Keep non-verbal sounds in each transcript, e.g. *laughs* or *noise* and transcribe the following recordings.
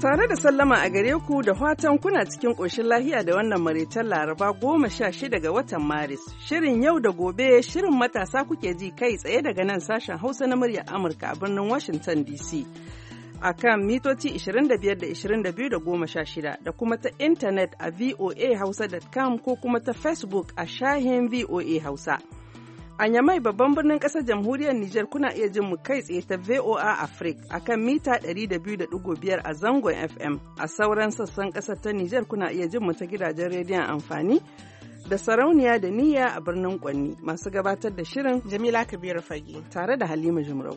Tare da sallama a gare ku da fatan kuna cikin ƙoshin lahiya da wannan maraitar laraba goma sha shida ga watan Maris. Shirin yau da gobe shirin matasa kuke ji kai tsaye daga nan sashen Hausa na muryar Amurka a birnin Washington DC. A kan mitoci 25 da 22 da da kuma ta intanet a voa voahausa.com ko kuma ta Facebook a shahin VOA Hausa. A Yamai babban birnin ƙasar jamhuriyar Nijar kuna iya jin mu kai tsaye ta VOA Africa a kan mita 200.5 a zangon FM. A sauran sassan ƙasar ta Nijar kuna iya jin mu ta gidajen rediyon amfani da sarauniya da niyya a birnin Kwanni masu gabatar da shirin Jamila Kabiru Fage tare da Halima Jumrau.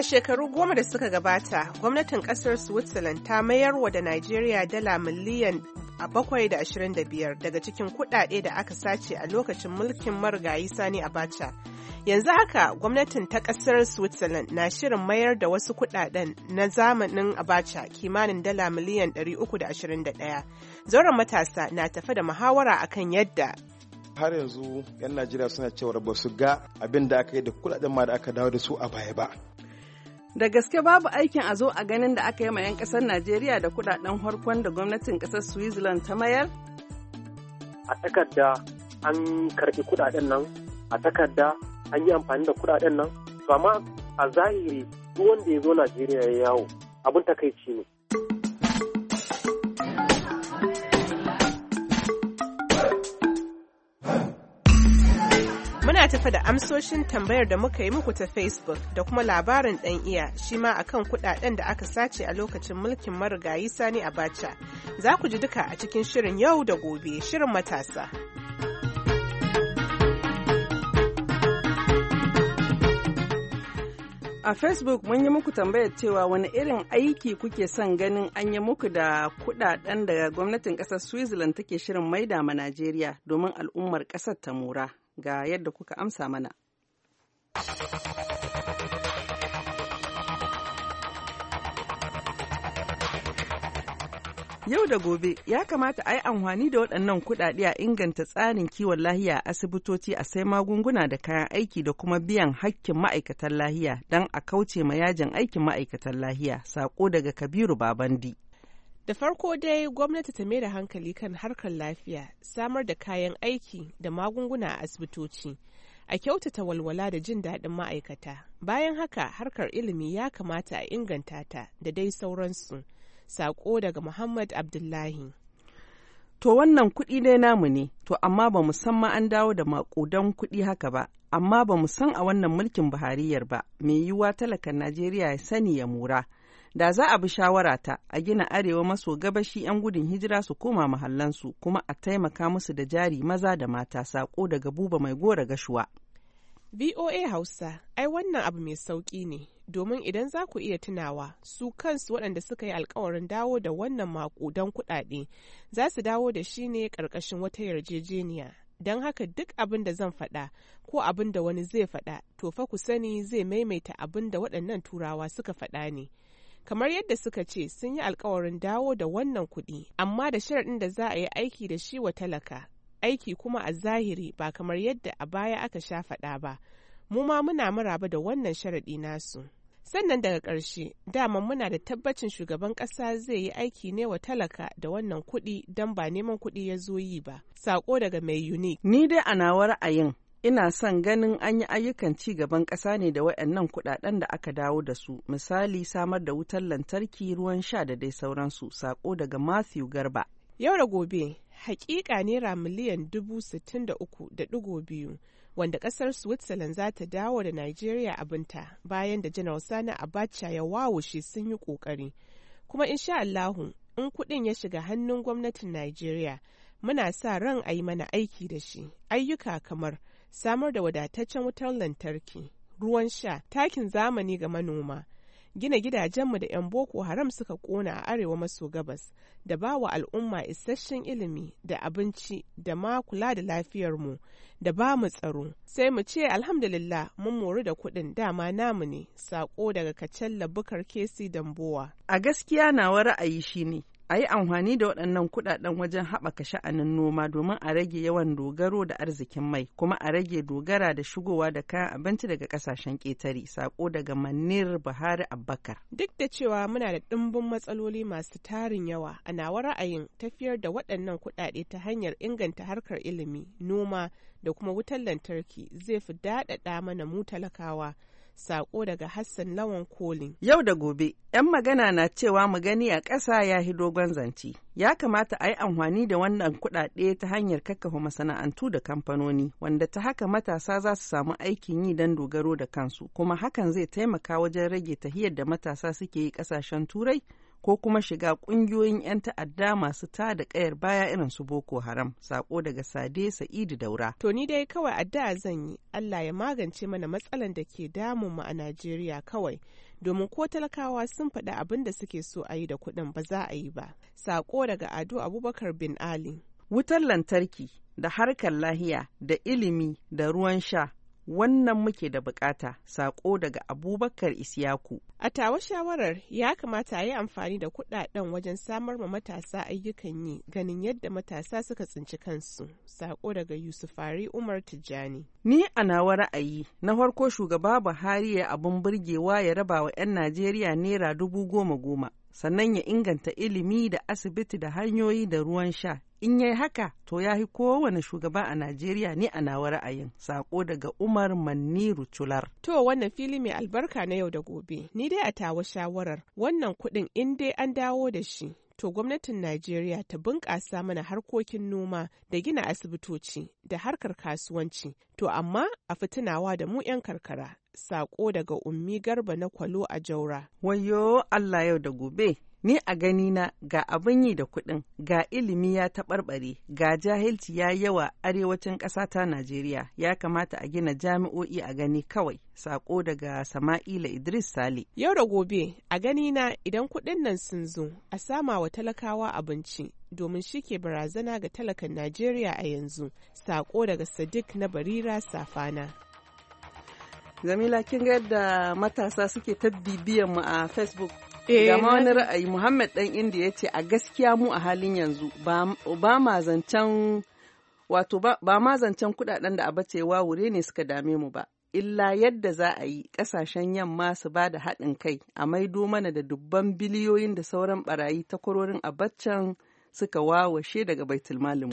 A shekaru goma da suka gabata, gwamnatin kasar Switzerland ta mayar wa da Najeriya dala miliyan a bakwai da ashirin da biyar daga cikin kuɗaɗe da aka sace a lokacin mulkin marigayi Sani Abacha. Yanzu haka gwamnatin ta kasar Switzerland na shirin mayar da wasu kuɗaɗen na zamanin Abacha kimanin dala miliyan 321. Zauren matasa na tafi da muhawara akan yadda har yanzu 'yan Najeriya suna cewar ba su ga abin da aka yi da kuɗaɗen ma da aka dawo da su a baya ba. da gaske babu aikin a zo a ganin da aka yi ma 'yan kasar najeriya da kudaden harkon da gwamnatin kasar switzerland ta mayar a takarda an karbi kudaden nan a takarda an yi amfani da kudaden nan to amma a zahiri duk wanda ya zo najeriya ya yawo abin takaici ne tafi da amsoshin tambayar da muka yi muku ta Facebook da kuma labarin ɗan iya shi ma akan kuɗaɗen da aka sace a lokacin mulkin marigayi Sani Abacha. Za ku ji duka a cikin shirin yau da gobe, shirin matasa. A Facebook mun yi muku tambayar cewa wani irin aiki kuke son ganin an yi muku da kuɗaɗen da gwamnatin ƙasar Switzerland take shirin maida ma Najeriya domin al'ummar ƙasar ta mura. ga yadda kuka amsa mana. Yau da gobe ya kamata a yi amfani da waɗannan kuɗaɗe a inganta tsarin kiwon lahiya a asibitoci a sai magunguna da kayan aiki da kuma biyan hakkin ma'aikatan lahiya don a kauce ma yajin aikin ma'aikatan lahiya, sako daga Kabiru Babandi. Da farko dai gwamnati ta da hankali kan harkar lafiya, samar da kayan aiki da magunguna a asibitoci, a kyautata walwala da jin daɗin ma'aikata. Bayan haka harkar ilimi ya kamata a inganta ta da dai sauransu. saƙo daga Muhammad Abdullahi. To wannan kuɗi dai namu ne, to amma ba mu san ma an dawo da maƙudan kuɗi haka ba, amma ba mu san a wannan mulkin Buhariyar ba, mai yiwuwa talakan Najeriya ya sani ya mura. da za a bi shawarata a gina arewa maso gabashi 'yan gudun hijira su koma mahallansu kuma a taimaka musu da jari maza da mata sako daga buba mai gora gashuwa. VOA Hausa, ai wannan abu mai sauƙi ne, domin idan za ku iya tunawa su kansu waɗanda suka yi alkawarin dawo da wannan mako don kuɗaɗe za su dawo da shi ne ƙarƙashin wata yarjejeniya. Don haka duk abin da zan faɗa ko abin da wani zai faɗa, to fa ku sani zai maimaita abin da waɗannan turawa suka faɗa ne. kamar yadda suka ce sun yi alkawarin dawo da wannan kuɗi amma da sharaɗin da za a yi aiki da shi wa talaka aiki kuma a zahiri ba kamar yadda a baya aka sha faɗa ba mu ma muna maraba da wannan sharaɗi nasu sannan daga ƙarshe dama muna da tabbacin shugaban ƙasa zai yi aiki ne wa talaka da wannan kuɗi don ba neman kuɗi ya zo yi ba sako daga mai unique ni dai a nawa ra'ayin ina son ganin an yi ayyukan ci gaban ƙasa ne da waɗannan kuɗaɗen da aka dawo da su misali samar da wutar lantarki ruwan sha da dai sauransu sako daga matthew garba yau da gobe haƙiƙa naira miliyan dubu sittin da uku da ɗigo biyu wanda ƙasar switzerland za ta dawo da nigeria abinta bayan da janar sani abacha ya wawushe sun yi ƙoƙari kuma insha allahu in kuɗin ya shiga hannun gwamnatin nigeria muna sa ran a yi mana aiki da shi ayyuka kamar samar da wadataccen wutar lantarki, ruwan sha, takin zamani ga manoma. Gina gidajenmu da 'yan Boko Haram suka kona a arewa maso gabas da ba wa al'umma isasshen ilimi da abinci da ma kula da lafiyarmu da ba mu tsaro. Sai mu ce alhamdulillah mun mori da kuɗin dama namu ne, sako daga kacen labukar kesi dambowa. A gaskiya nawa ra'ayi shine a yi amfani da waɗannan kuɗaɗen wajen haɓaka sha'anin noma domin a rage yawan dogaro da arzikin mai kuma a rage dogara da shigowa da kayan abinci daga ƙasashen ƙetare sako daga manir buhari abbakar duk da cewa muna da ɗimbin matsaloli masu tarin yawa a nawa ra'ayin tafiyar da waɗannan kuɗaɗe ta hanyar inganta harkar ilimi noma da kuma wutar lantarki zai fi daɗaɗa mana mu talakawa Sako daga Hassan Lawan Kolin. Yau da gobe, 'yan magana na cewa mu gani a ƙasa ya hi dogon zance. Ya kamata a yi amfani da wannan kuɗaɗe ta hanyar kakkafa masana'antu da kamfanoni, wanda ta haka matasa za su samu aikin yi don dogaro da kansu, kuma hakan zai taimaka wajen rage tahiyar da matasa suke yi ƙasashen Turai. ko kuma shiga ƙungiyoyin 'yan ta'adda masu ta da ƙayar baya irin su Boko Haram, sako daga Sade Sa'idu Daura. To ni dai kawai addu'a zan yi, Allah ya magance mana matsalan da ke damun mu a Najeriya kawai. Domin ko talakawa sun faɗi abin da suke so a yi da kuɗin ba za a yi ba. Sako daga Ado Abubakar bin Ali. Wutar lantarki da harkar lahiya da ilimi da ruwan sha wannan muke da bukata sako daga abubakar isyaku a tawa shawarar ya kamata a yi amfani da kudaden wajen samar ma matasa ayyukan yi ganin yadda matasa suka tsinci kansu sako daga yusufari umar tijjani ni a nawa ra'ayi na farko shugaba buhari ya abun burgewa ya raba wa 'yan najeriya naira dubu goma goma sannan ya inganta ilimi da asibiti da hanyoyi da ruwan sha in yayi haka to ya yi kowane shugaba a najeriya ne a nawa ra'ayin sako daga umar maniru cular to wannan fili mai albarka na yau da gobe ni dai a tawa shawarar wannan kuɗin in dai an dawo da shi to gwamnatin Najeriya ta bunƙasa mana harkokin noma da gina asibitoci da harkar kasuwanci, to amma a fitinawa da mu 'yan karkara, saƙo daga ummi garba na kwalo a jaura. Wayo Allah yau da gobe, ni a ganina ga abin yi da kuɗin ga ilimi ya taɓarɓare ga jahilci ya yawa arewacin ƙasa ta najeriya ya kamata a gina jami'o'i a gani kawai sako daga sama'ila idris sale yau da gobe a ganina idan kuɗin nan sun zo a sama wa talakawa abinci domin shi ke barazana ga talakan najeriya a yanzu sako daga sadiq na barira safana zamila kin ga yadda matasa suke ta bibiyan mu a facebook Eh, gama wani ra'ayi muhammad dan inda ya ce a gaskiya mu a halin yanzu ba ma zancen wato ba ma zancen kudaden da wa wure ne suka dame mu ba illa yadda za a yi kasashen yamma su ba da haɗin kai a maido mana da dubban biliyoyin da sauran barayi takwarorin abaccan suka wawashe daga baitul mu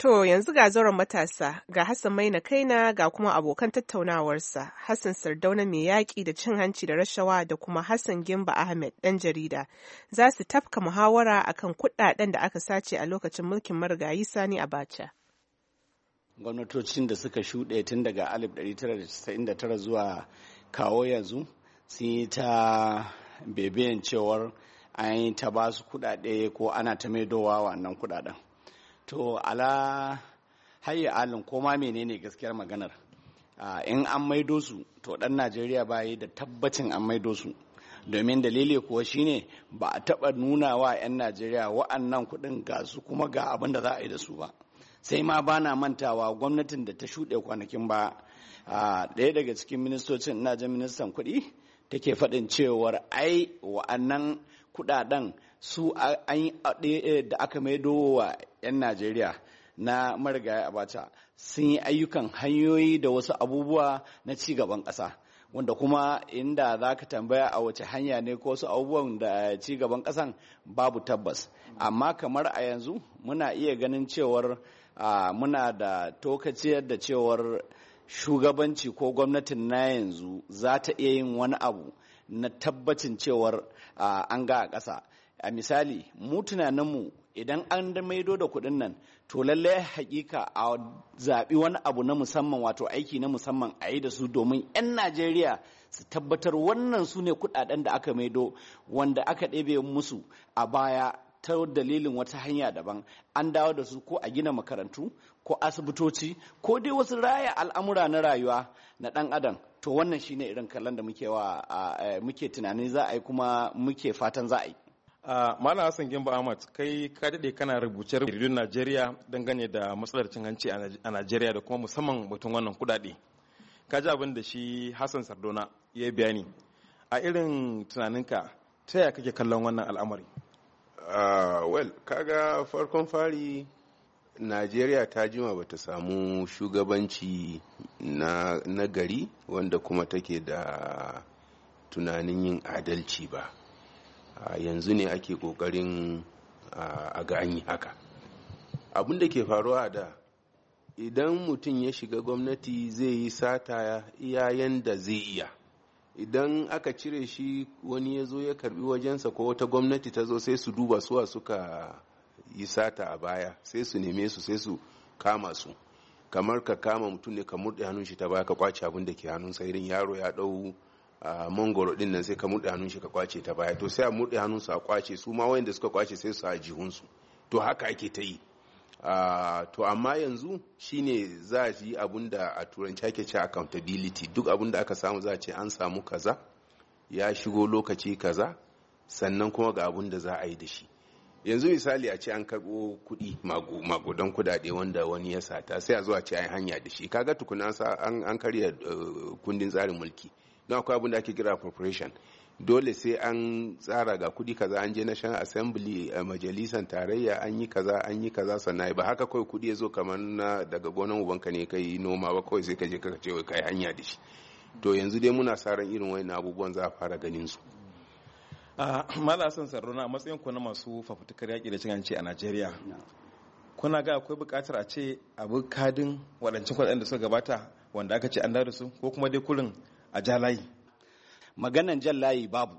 To yanzu ga zauren matasa ga Hassan Maina Kaina ga kuma abokan tattaunawarsa Hassan Sardauna mai yaƙi da cin hanci da rashawa da kuma Hassan Gimba Ahmed ɗan jarida za su tafka muhawara a kan kuɗaɗen da aka sace a lokacin mulkin marigayi Sani a Abacha. Gwamnatocin da suka shuɗe tun daga 1999 zuwa kawo yanzu sun yi ta bebeyan cewar an yi ta ba su kuɗaɗe ko ana ta maidowa wannan kuɗaɗen. to ala hayi alin koma menene gaskiyar maganar in an maido su to dan najeriya bayi da tabbacin an maido su domin dalili kuwa shine ba a taɓa nuna wa 'yan najeriya wa'annan kuɗin ga su kuma ga abin da za a yi da su ba sai ma ba na mantawa gwamnatin da ta shuɗe kwanakin ba ɗaya daga cikin ministocin ina jin ministan kuɗi take faɗin cewar ai wa'annan kuɗaɗen su da aka maido wa 'yan najeriya na marigaya abacha sun yi ayyukan hanyoyi da wasu abubuwa na cigaban ƙasa wanda kuma inda za ka tambaya a wace hanya ne ko su abubuwan da cigaban ƙasan babu tabbas amma kamar a yanzu muna iya ganin cewar muna da tokaciyar da cewar shugabanci ko gwamnatin na yanzu za ta iya yin wani abu na tabbacin cewar an ga a ƙasa a misali mu tunaninmu idan an da maido da kuɗin nan to lallai hakika a zabi wani abu na musamman wato aiki na musamman a yi da su domin 'yan najeriya su tabbatar wannan su ne kuɗaɗen da aka maido wanda aka ɗebe musu a baya ta dalilin wata hanya daban an dawo da su ko a gina makarantu ko asibitoci ko dai wasu raya al'amura na rayuwa na ɗan adam to wannan shine irin kallon da eh, muke tunanin za a yi kuma muke fatan za a yi Malam Hassan Gimba Ahmad kai ka dade kana rubuce rubutun Najeriya dangane da matsalar cin hanci a Najeriya da kuma musamman batun wannan kudade. Ka ji abin da shi Hassan Sardona ya bayani. A irin tunaninka ta yaya kake kallon wannan al'amari? well, kaga farkon fari Najeriya ta jima bata samu shugabanci na, na wanda kuma take da tunanin yin adalci ba. yanzu ne ake kokarin a ga an yi haka abin da ke faruwa da idan mutum ya shiga gwamnati zai yi sata iyayen da zai iya idan aka cire shi wani ya zo ya karbi wajensa ko wata gwamnati ta zo sai su duba suwa suka yi sata a baya sai su neme su sai su kama su kamar ka kama mutum ne ka murɗe hannun shi ta baya ka kwace abin da ke hannun sa irin yaro ya ɗau mangoro din nan sai ka muɗe hannun shi ka kwace ta baya to sai a muɗe hannun su a kwace su ma wayanda suka kwace sai su a jihun su to haka ake ta yi to amma yanzu shine za a yi abun da a turanci ake ce accountability duk abun da aka samu za a ce an samu kaza ya shigo lokaci kaza sannan kuma ga abun da za a yi da shi yanzu misali a ce an karɓo kuɗi magudan kuɗaɗe wanda wani ya sata sai a zo a ce an hanya da shi kaga tukuna an karya eh, kundin tsarin mulki don akwai abin da ake kira appropriation dole sai an tsara ga kudi kaza an je national assembly a eh, majalisan tarayya an yi kaza an yi kaza sannan ba haka kawai kudi ya zo kamar na daga gonan ubanka ne kai noma ba kawai sai ka je ka ce wai kai hanya da shi to yanzu dai muna sa ran irin wayannan abubuwan za a fara ganin su ah, a san sarrona na matsayin ku na masu fafutukar yaƙi da cin hanci a Najeriya kuna ga akwai buƙatar a ce abu kadin waɗancan kuɗaɗen da suka gabata wanda aka ce an da su ko kuma dai kulin a jalayi maganan jan layi babu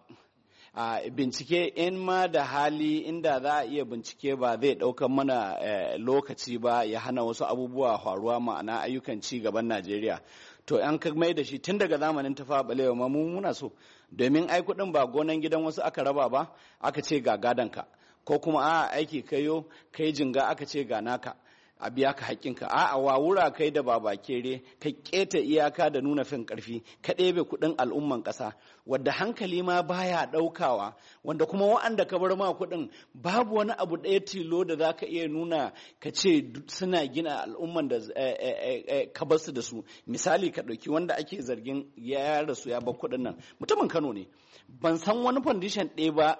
a bincike in ma da hali inda za a iya bincike ba zai ɗaukar mana eh, lokaci ba ya hana wasu abubuwa faruwa ma'ana ayyukan ci gaban najeriya to an ka mai da shi tun daga zamanin tafa balewa ma mu muna so domin ai kuɗin ba gonan gidan wasu aka raba ba aka ce ga gadanka ko kuma a aiki kayo kai jinga aka ce ga naka a biya ka haƙƙinka a'a wawura kai da kere ka keta iyaka da nuna fin karfi ka ɗebe kuɗin al'umman ƙasa wadda hankali ma baya ɗaukawa wanda kuma wa'anda ka bar ma kuɗin babu wani abu ɗaya tilo da za ka iya nuna ka ce suna gina al'umman da eh, eh, eh, ka bar su da su misali ka ɗauki wanda ake zargin ya rasu ya bar kuɗin nan mutumin kano ne ban san wani foundation ɗaya ba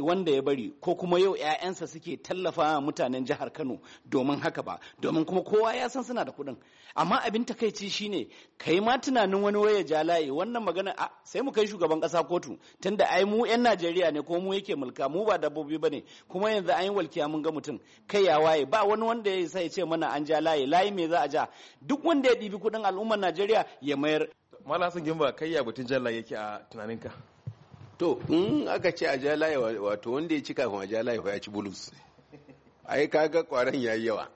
wanda ya bari ko kuma yau 'ya'yansa suke tallafa mutanen jihar kano domin haka ba domin kuma kowa ya san suna da kuɗin amma abin takaici shine kai ma tunanin wani waya ja layi wannan magana a sai mu kai shugaban ƙasa kotu tunda ai mu 'yan najeriya ne ko mu yake mulka mu ba dabbobi ba ne kuma yanzu an yi walkiya mun ga mutum kai ya waye ba wani wanda ya isa ya ce mana an ja layi layi me za a ja duk wanda ya ɗibi kuɗin al'ummar najeriya ya mayar mala hassan gimba kai ya batun jalla yake a tunaninka to in aka ce a jalaye wato wanda ya ci kafin a jalaye ya ci bulus ai kaga kwaran yi yawa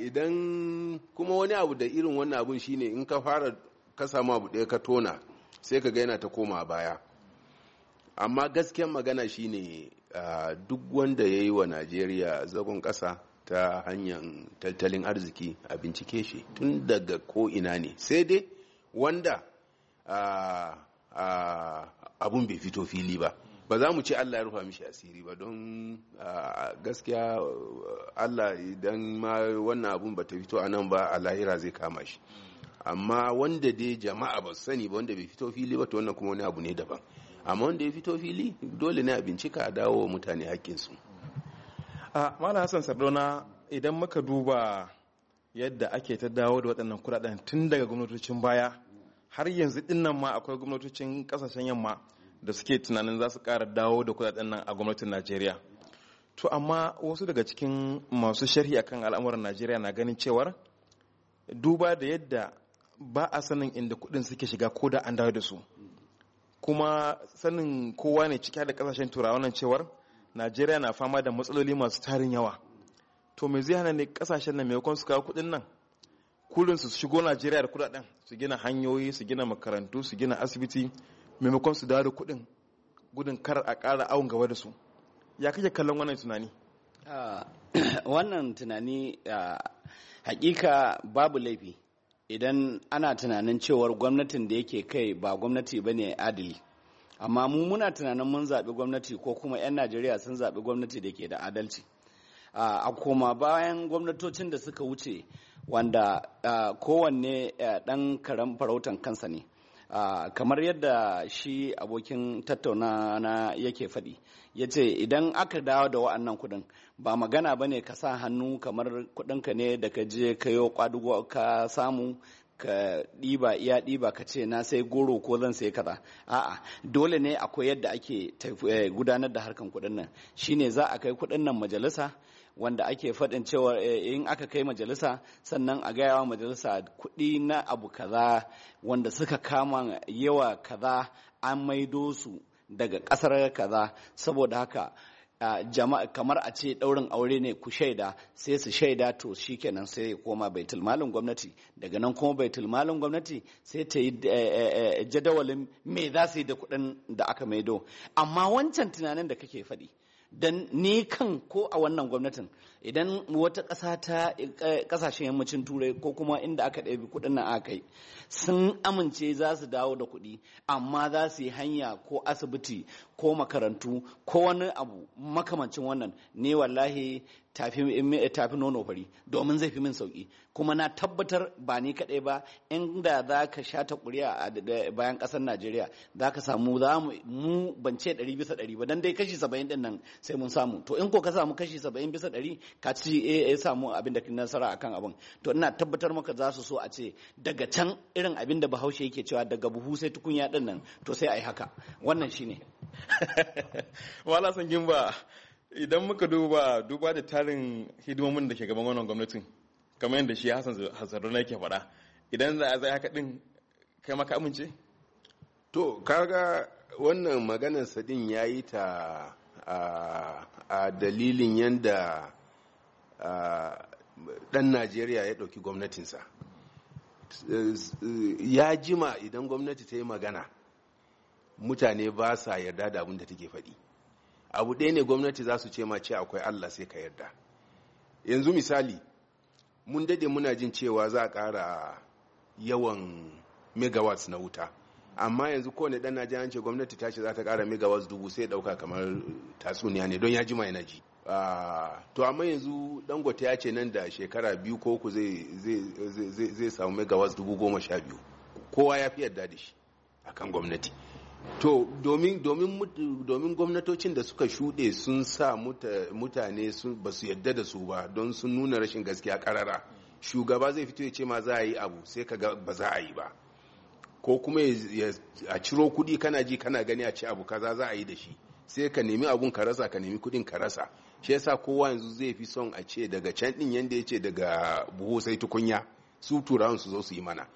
idan kuma wani abu da irin wannan abun shine in ka fara ka samu abu ɗaya ka tona sai ka ga yana ta koma baya amma gaskiyar magana shine duk wanda ya yi wa najeriya zagon ƙasa ta hanyar tattalin arziki a bincike shi tun daga ko'ina ne sai dai wanda abun bai fito fili ba ba za mu ce Allah ya rufa mishi asiri ba don gaskiya Allah idan ma wannan abun ba ta fito a nan ba a lahira zai kama shi amma wanda dai jama'a ba sani ba wanda bai fito fili ba to wannan kuma wani abu ne daban amma wanda ya fito fili dole ne a bincika a dawo wa mutane haƙƙinsu. su a mana hassan sardauna idan muka duba yadda ake ta dawo da waɗannan kuɗaɗen tun daga gwamnatocin baya har yanzu dinnan ma akwai gwamnatocin ƙasashen yamma da suke tunanin za su ƙara dawo da kuɗaɗen nan a gwamnatin najeriya to amma wasu daga cikin masu sharhi akan al'amuran najeriya na ganin cewar duba da yadda ba a sanin inda kuɗin suke shiga ko da an dawo da su kuma sanin kowa ne cike da ƙasashen turawa nan cewar najeriya na fama da matsaloli masu tarin yawa to mai zai hana ne kasashen nan maimakon su kawo kuɗin nan kullum su shigo najeriya da kuɗaɗen su gina hanyoyi su gina makarantu su gina asibiti maimakon su dawo da kudin gudun kar a ƙara awon gaba da su ya kake kallon wannan tunani ah, *coughs* wannan tunani ah, hakika babu laifi idan ana tunanin cewar gwamnatin da yake kai ba gwamnati ba ne adili amma mu muna tunanin mun zaɓi gwamnati ko kuma 'yan najeriya sun zaɓi gwamnati da ke da adalci a koma bayan gwamnatocin da suka wuce wanda kowanne ɗan karen farautan kansa ne kamar yadda shi abokin tattauna na yake faɗi ya ce idan aka dawo da wa'annan kuɗin ba magana ba ne ka sa hannu kamar kuɗinka ne da ka je kayo kwadugo ka samu ka ɗiba iya ɗiba ka ce na sai goro ko zan sai kaza a'a dole ne akwai yadda ake eh, gudanar da harkan kuɗin nan shine za a kai kuɗin nan majalisa wanda ake faɗin cewa eh, in aka kai majalisa sannan a gaya wa majalisa kuɗi na abu kaza wanda suka kama yawa kaza an maido su daga ƙasar kaza saboda haka jama'a kamar a ce daurin aure ne ku shaida sai su shaida to shikenan sai ya koma baitul tilmalin gwamnati daga nan kuma baitul tilmalin gwamnati sai ta yi eh, eh, eh, jadawalin me za su yi da kuɗin da aka maido amma wancan tunanin da kake faɗi da ni kan ko a wannan gwamnatin idan wata ƙasa ta eh, ƙasashen yammacin turai ko kuma inda aka ɗabi kuɗin nan aka yi sun amince za su dawo da kuɗi amma za su yi hanya ko asibiti ko makarantu ko wani abu makamancin wannan ne wallahi tafi nono fari domin zai fi min sauki kuma na tabbatar ba ni kaɗai ba inda za ka sha ta ƙuri'a a bayan ƙasar najeriya za ka samu za mu ban ce ɗari bisa ɗari ba dan dai kashi saba'in ɗin nan sai mun samu to in ko ka samu kashi saba'in bisa ɗari ka ci eh, ya samu abin da nasara akan abin to ina tabbatar maka za su so a ce daga can irin abin da bahaushe yake cewa daga buhu sai tukunya ɗin nan to sai a yi haka wannan shine *laughs* wala san gimba idan muka duba duba da tarin hidimomin da ke gaban wannan gwamnatin kamar yadda shi Hassan na yake faɗa idan za a zai haka din kai maka amince to kaga wannan maganar sadin ya yi ta a dalilin yadda dan najeriya ya ɗauki gwamnatinsa ya jima idan gwamnati ta yi magana mutane ba sa yarda da abin da take faɗi abu ɗaya ne gwamnati za su ce ma ce akwai allah sai ka yarda yanzu misali mun dade muna jin cewa za a ƙara yawan megawatts na wuta amma yanzu kowane ɗan najeriya an ce gwamnati ta ce za ta ƙara megawatts dubu sai ɗauka kamar tatsuniya ne don ya ji mai ah, naji ji to amma yanzu dangote ya ce nan da shekara biyu ko ku zai samu megawatts dubu goma sha biyu kowa ya fi yarda da shi akan gwamnati to domin gwamnatocin da suka shuɗe sun sa mutane ba su yadda da su ba don sun nuna rashin gaskiya karara shugaba zai fito ya ce ma za a yi abu sai ka ga ba za a yi ba ko kuma a ciro kuɗi kana ji kana gani a ci abu kaza za a yi da shi sai ka nemi abun ka rasa ka nemi kuɗin ka rasa shi yasa kowa yanzu zai fi son a ce daga can din yanda ya ce daga buhu sai tukunya su turawan su zo su yi mana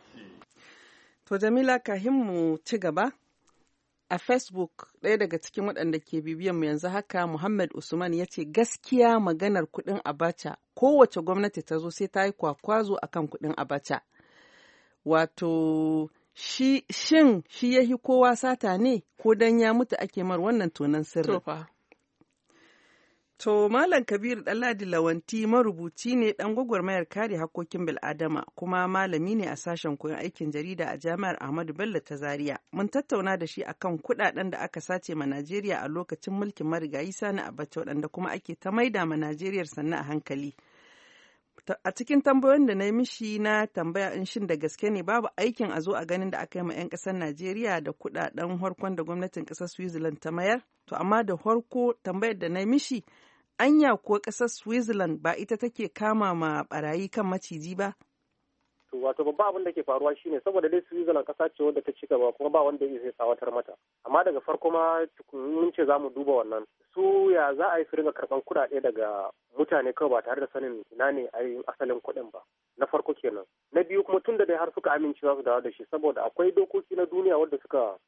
to jamila kahin mu ci gaba a facebook ɗaya daga cikin waɗanda ke bibiyan mu yanzu haka muhammad usman ya ce gaskiya maganar kuɗin abacha kowace gwamnati ta zo sai ta yi kwakwazo akan kuɗin abacha wato shi shin shi ya yi kowa sata ne ko dan ya mutu ake mar wannan tunan sirri To Malam Kabir Ɗanladi Lawanti marubuci ne ɗan gwagwarmayar kare hakokin bil'adama kuma malami ne a sashen koyon aikin jarida a jami'ar Ahmadu Bello ta Zaria. Mun tattauna da shi akan kuɗaɗen da aka sace ma Najeriya a lokacin mulkin marigayi Sani Abacha waɗanda kuma ake ta maida ma Najeriya sannan a hankali. a cikin tambayoyin da na yi mishi na tambaya in shin da gaske ne babu aikin a zo a ganin da aka yi ma 'yan ƙasar Najeriya da kuɗaɗen harkon da gwamnatin kasar Switzerland ta mayar? To amma da harko tambayar da na yi mishi anya ko kasar switzerland ba ita take kama ma barayi kan maciji ba to wato babba abin da ke faruwa shine saboda dai switzerland kasa ce wanda ta ci gaba kuma ba wanda zai tsawatar mata amma daga farko ma mun ce za duba wannan su ya za a yi su ringa karɓan kuɗaɗe daga mutane kawai ba tare da sanin ina ne a asalin kuɗin ba na farko kenan na biyu kuma tun da dai har suka amince za su dawo da shi saboda akwai dokoki na duniya wanda suka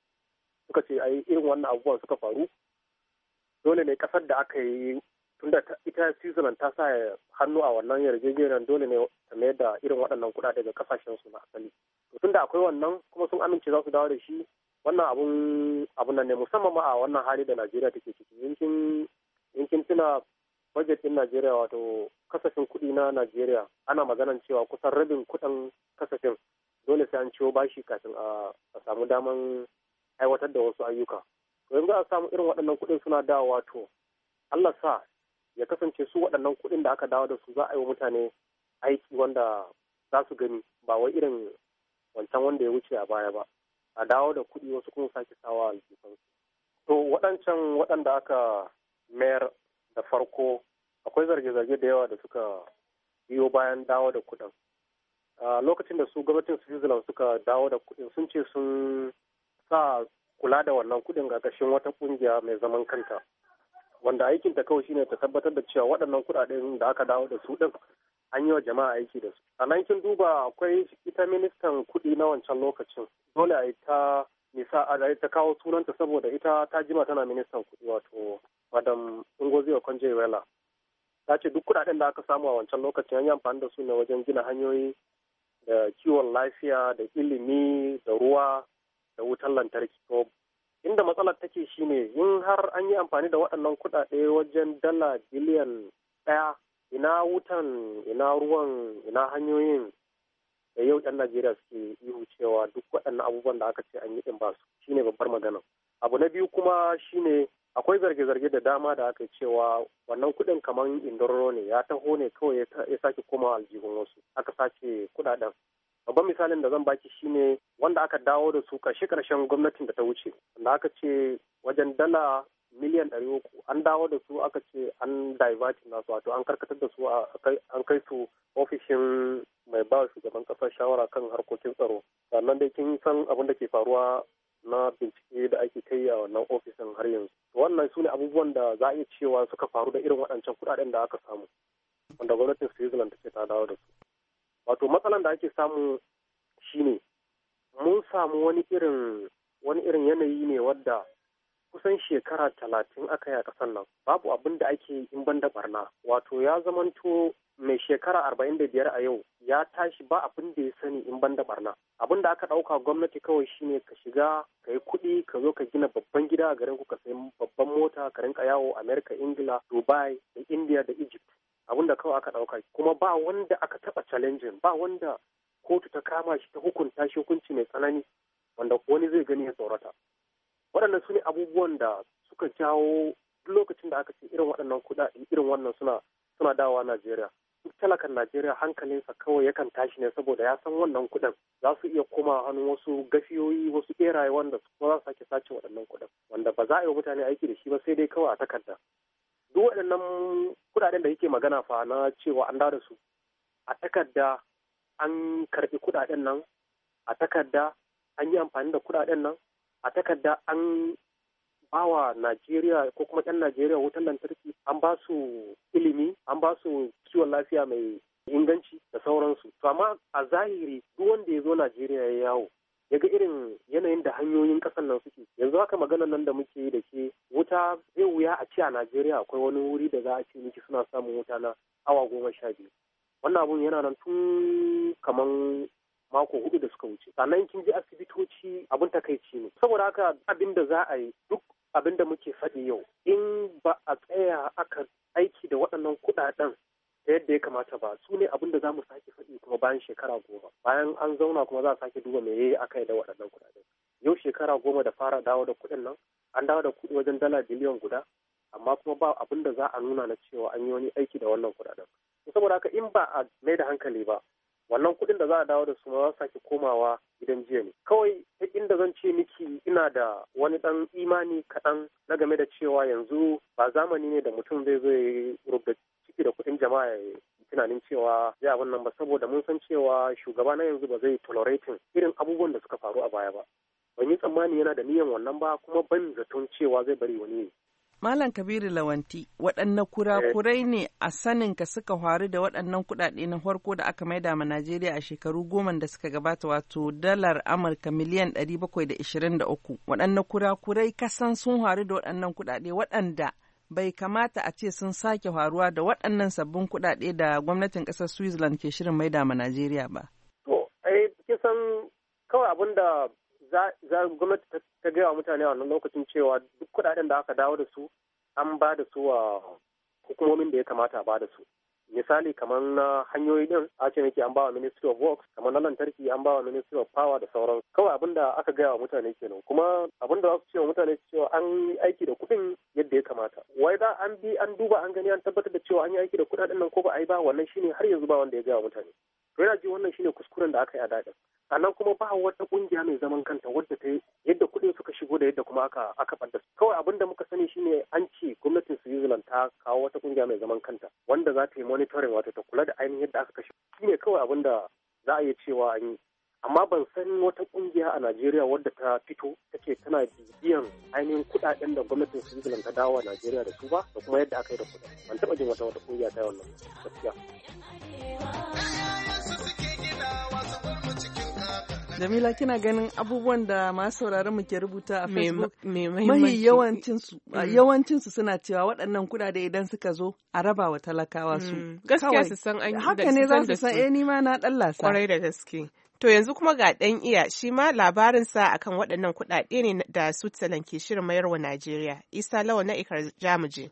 suka ce a irin wannan abubuwan suka faru dole ne kasar da aka yi tunda ita switzerland ta sa hannu a wannan yarjejeniyar dole ne ta mayar da irin waɗannan kuɗaɗe ga kasashen su na asali to tunda akwai wannan kuma sun amince za su dawo da shi wannan abun abun nan ne musamman ma a wannan hali da najeriya take ciki yankin yankin tuna budget din najeriya wato kasafin kuɗi na najeriya ana maganan cewa kusan rabin kuɗin kasafin dole sai an ciwo bashi kafin a samu daman aiwatar da wasu ayyuka to yanzu a samu irin waɗannan kuɗin suna dawo to Allah sa ya kasance su waɗannan kuɗin da aka dawo da su za a yi wa mutane aiki wanda za su gani ba wai irin wancan wanda ya wuce a baya ba a dawo da kuɗi wasu kuma sake sawa aljifansu to waɗancan waɗanda aka mayar da farko akwai zarge-zarge da yawa da suka biyo bayan dawo da kuɗin a lokacin da su gwamnatin switzerland suka dawo da kuɗin sun ce sun sa kula da wannan kuɗin ga ƙarƙashin wata ƙungiya mai zaman kanta wanda aikin ta kawai shine ta tabbatar da cewa waɗannan kuɗaɗen da aka dawo da su ɗin an yi wa jama'a aiki da su a nan kin duba akwai ita ministan kuɗi na wancan lokacin dole a ta nisa a ta kawo sunanta saboda ita ta jima tana ministan kuɗi wato madam Ngozi Okonjo-Iweala ta ce duk kuɗaɗen da aka samu a wancan lokacin an yi amfani da su ne wajen gina hanyoyi da kiwon lafiya da ilimi da ruwa da wutan lantarki inda matsalar take shine in har an yi amfani da waɗannan kuɗaɗe wajen dala biliyan ɗaya ina wutan ina ruwan ina hanyoyin da yau 'yan najeriya suke ihu cewa duk waɗannan abubuwan da aka ce an yi ɗin ba su shine babbar magana abu na biyu kuma shine akwai zarge-zarge da dama da aka cewa wannan kuɗin kamar indoro ne ya taho ne kawai ya sake koma aljihun wasu aka sace kuɗaɗen babban misalin da zan baki shine wanda aka dawo da su karshe karshen gwamnatin da ta wuce da aka ce wajen dala miliyan ɗari uku an dawo da su aka ce an divertin nasu wato an karkatar da su an kai su ofishin mai ba shugaban kasar shawara kan harkokin tsaro sannan dai kin san abin da ke faruwa na bincike da ake kai a wannan ofishin har yanzu wannan su ne abubuwan da za a iya cewa suka faru da irin waɗancan kuɗaɗen da aka samu wanda gwamnatin switzerland ta ke ta dawo da su wato matsalan da ake samu shine mun samu wani irin wani irin yanayi ne wadda kusan shekara talatin aka yi a ƙasar nan babu abin da ake in ban da barna wato ya zamanto mai shekara arba'in da biyar a yau ya tashi ba abin da ya sani in ban da barna abin da aka ɗauka gwamnati kawai shine ka shiga ka yi kuɗi ka zo ka gina babban gida a garin ku ka sayi babban mota ka rinka yawo amerika ingila dubai da india da egypt abinda kawai aka ɗauka kuma ba wanda aka taɓa challenging ba wanda kotu ta kama shi ta hukunta shi hukunci mai tsanani wanda wani zai gani ya tsorata waɗannan su ne abubuwan da suka jawo lokacin da aka ce irin waɗannan kuɗaɗe irin wannan suna suna dawa Najeriya duk talakan Najeriya hankalinsa kawai yakan tashi ne saboda ya san wannan kuɗin za su iya koma hannun wasu gafiyoyi wasu ɓeraye wanda su za su sake sace waɗannan kuɗin wanda ba za a yi wa mutane aiki da shi ba sai dai kawai a takarda duk waɗannan kuɗaɗen da yake magana fa na cewa an da su a takarda an karɓi kuɗaɗen nan a takarda an yi amfani da kuɗaɗen nan a takarda an bawa Najeriya ko kuma 'yan Najeriya wutan lantarki an ba su ilimi an ba su kiwon lafiya mai inganci da sauransu to amma a zahiri duk wanda ya zo Najeriya ya yawo yaga irin yanayin da hanyoyin kasan nan suke yanzu haka maganar nan da muke da ke wuta zai wuya a ce a najeriya akwai wani wuri da za a ce miki suna samun wuta na awa goma sha biyu wannan abun yana nan tun kaman mako hudu da suka wuce sannan kin je asibitoci abin takaici ne saboda haka abin da za a yi duk abin da muke faɗi yau in ba a tsaya aka aiki da waɗannan kuɗaɗen ta yadda ya kamata ba su ne abin da za mu sake faɗi kuma bayan shekara goma bayan an zauna kuma za a sake duba me yayi aka yi da waɗannan kuɗaɗen yau shekara goma da fara dawo da kuɗin nan an dawo da kuɗi wajen dala biliyan guda amma kuma ba abin da za a nuna na cewa an yi wani aiki da wannan kuɗaɗen saboda haka in ba a mai da hankali ba wannan kuɗin da za a dawo da su ma za sake komawa gidan jiya ne kawai inda zan ce miki ina da wani dan imani kaɗan na game da cewa yanzu ba zamani ne da mutum zai zo ya yi ciki da kuɗin jama'a tunanin cewa zai abin nan ba saboda mun san cewa shugaba na yanzu ba zai tolerating irin abubuwan da suka faru a baya ba ban yi tsammani yana da niyan wannan ba kuma ban zaton cewa zai bari wani ne. Malam Kabiru Lawanti, waɗannan kurakurai ne a sanin ka suka faru da waɗannan kuɗaɗe na farko da aka maida ma Najeriya a shekaru goma da suka gabata wato dalar Amurka miliyan 723. Waɗannan kurakurai kasan sun faru da waɗannan kuɗaɗe waɗanda bai kamata a ce sun sake faruwa da waɗannan sabbin kuɗaɗe da gwamnatin ƙasar Switzerland ke shirin mai ma Najeriya ba. To, ai kisan kawai abin da za gwamnati ta gaya wa mutane a wannan lokacin cewa duk kuɗaɗen da aka dawo da su an ba da su wa hukumomin da ya kamata a ba da su. misali kamar na hanyoyi din a ce nake an bawa ministry of works kamar na lantarki an bawa ministry of power da sauran kawai abin da aka gaya wa mutane kenan kuma abin da za su ce wa mutane cewa an yi aiki da kuɗin yadda ya kamata wai za an bi an duba an gani an tabbatar da cewa an yi aiki da kuɗaɗen nan ko ba a yi ba wannan shine har yanzu ba wanda ya gaya wa mutane to yana ji wannan shine kuskuren da aka yi a daɗin sannan kuma ba wata kungiya mai zaman kanta wadda ta yadda kuɗin suka shigo da yadda kuma aka aka fadda su kawai abin da muka sani shine an ce gwamnatin Switzerland ta kawo wata kungiya mai zaman kanta wanda za ta yi monitoring wato ta kula da ainihin yadda aka kashe shine kawai abin da za a iya cewa an yi amma ban san wata kungiya a Najeriya wadda ta fito take tana bibiyan ainihin kuɗaɗen da gwamnatin Switzerland ta dawo a Najeriya da su ba da kuma yadda aka yi da kuɗi ban taɓa jin wata wata ta yi wannan gaskiya. Jamila kina ganin abubuwan da masu sauraron mu ke rubuta a Facebook mahi yawancinsu mm. yawancinsu suna cewa waɗannan kuɗaɗe idan suka zo a raba wa talakawa su. Mm. Gaskiya su san an Haka ne za su san eh ni ma na ɗan lasa. Kwarai da gaske. To yanzu kuma ga ɗan iya shi ma labarinsa akan waɗannan kuɗaɗe ne da Switzerland ke shirin mayarwa Najeriya. Isa Lawa na Ikar Jamuje.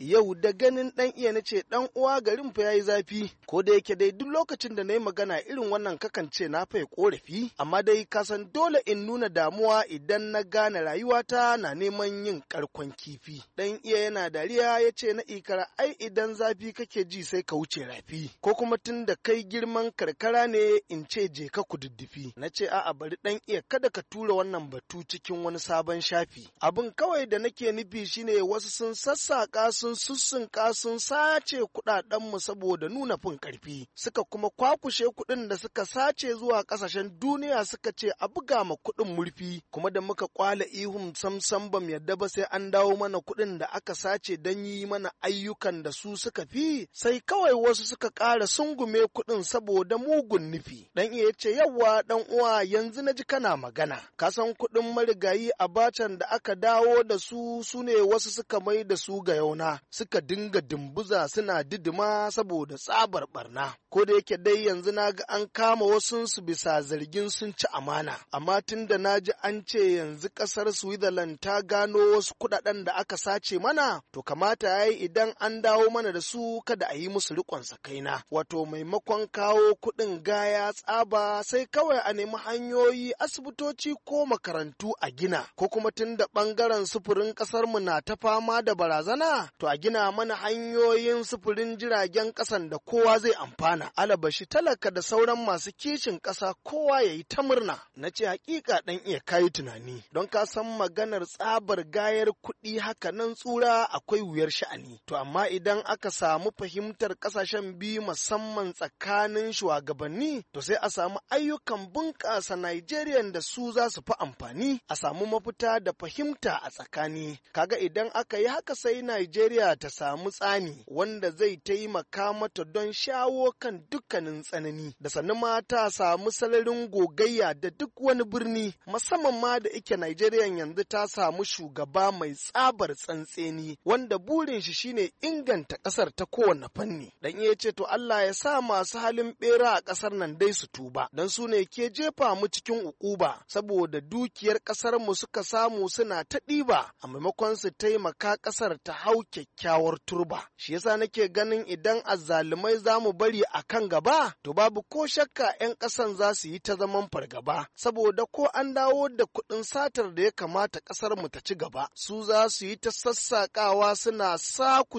yau da ganin dan iya nace ce dan uwa garin fa yayi zafi ko da yake dai duk lokacin da na yi magana irin wannan kakan ce na fa korafi amma dai kasan dole in nuna damuwa idan na gane rayuwata na neman yin karkon kifi dan iya yana dariya ya ce na ikara ai idan zafi kake ji sai ka wuce rafi ko kuma tun da kai girman karkara ne in ce je ka kududdufi na ce a'a bari dan iya kada ka tura wannan batu cikin wani sabon shafi abin kawai da nake nufi shine wasu sun sassaka sun sun sussunka sun sace kuɗaɗenmu saboda nuna fin ƙarfi suka kuma kwakushe kuɗin da suka sace zuwa ƙasashen duniya suka ce a buga ma kuɗin murfi kuma da muka kwala ihun samsam bam yadda ba sai an dawo mana kuɗin da aka sace don yi mana ayyukan da su suka fi sai kawai wasu suka ƙara sungume kuɗin saboda mugun nufi dan iya ce yawwa dan uwa yanzu na ji kana magana ka san kuɗin marigayi a bacan da aka dawo da su su wasu suka mai da su ga yauna suka dinga dumbuza suna didima saboda tsabar barna ko da yake dai yanzu na ga an kama su bisa zargin sun ci amana amma tun da na ji an ce yanzu ƙasar switzerland ta gano wasu kuɗaɗen da aka sace mana to kamata ya yi idan an dawo mana da su kada a yi musu rikonsa kaina. wato maimakon kawo kuɗin gaya tsaba sai kawai a nemi hanyoyi asibitoci ko makarantu a gina ko kuma tun da ɓangaren sufurin ƙasarmu na ta fama da barazana to a gina mana hanyoyin sufurin jiragen ƙasan da kowa zai amfana alabashi talaka da sauran masu kishin ƙasa kowa ya yi ta murna na ce hakika ɗan iya kayi tunani don ka san maganar tsabar gayar kuɗi haka nan tsura akwai wuyar sha'ani to amma idan aka samu fahimtar ƙasashen biyu musamman tsakanin shugabanni to sai a samu ayyukan bunƙasa Nigerian da su za su fi amfani a samu mafita da fahimta a tsakani kaga idan aka yi haka sai Nigeria Najeriya ta samu tsani wanda zai taimaka mata don shawo kan dukkanin tsanani da sannan ma ta samu salarin gogayya da duk wani birni musamman ma da ike Najeriya yanzu ta samu shugaba mai tsabar tsantseni wanda burin shi shine inganta ƙasar ta kowane fanni dan iya ce to Allah ya sa masu halin bera a ƙasar nan dai su tuba dan su ne ke jefa mu cikin ukuba saboda dukiyar ƙasar mu suka samu suna ta ɗiba a maimakon su taimaka kasar ta hauke kyakkyawar turba. Shi yasa nake ganin idan azzalumai za mu bari a kan gaba, to babu ko shakka 'yan ƙasan za su yi ta zaman fargaba, saboda ko an dawo da kuɗin satar da ya kamata ƙasar mu ta ci gaba, su za su yi ta sassaƙawa suna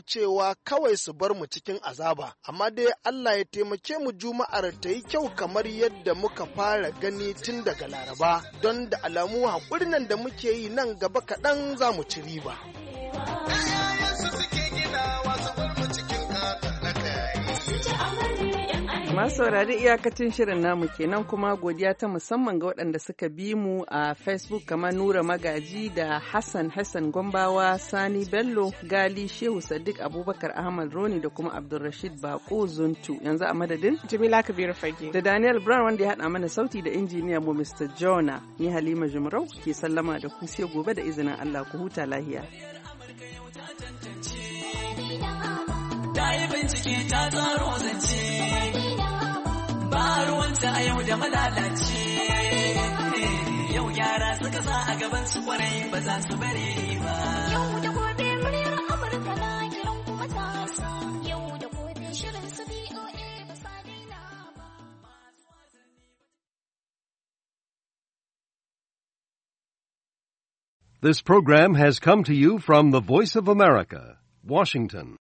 cewa kawai su bar mu cikin azaba. Amma dai Allah ya taimake mu juma'ar ta yi kyau kamar yadda muka fara gani tun daga Laraba, don da alamu nan da muke yi nan gaba kaɗan za mu ci riba. Masu saurari iyakacin shirin namu kenan kuma godiya ta musamman ga waɗanda suka bi mu a Facebook kamar Nura Magaji da Hassan Hassan Gombawa, Sani Bello, Gali Shehu Sadiq Abubakar Ahmad Roni da kuma Abdulrashid Bako Zuntu. Yanzu a madadin jimila Kabiru Fage. Da Daniel Brown wanda ya haɗa mana sauti da injiniya mu Mr. Jona. Ni Halima Jumrau ke sallama da ku sai gobe da izinin Allah ku huta lahiya. Ta yi bincike ta tsaro zance. ruwanta a yau da yau yara suka a gaban su kwarai ba za su bari ba This program has come to you from the Voice of America, Washington.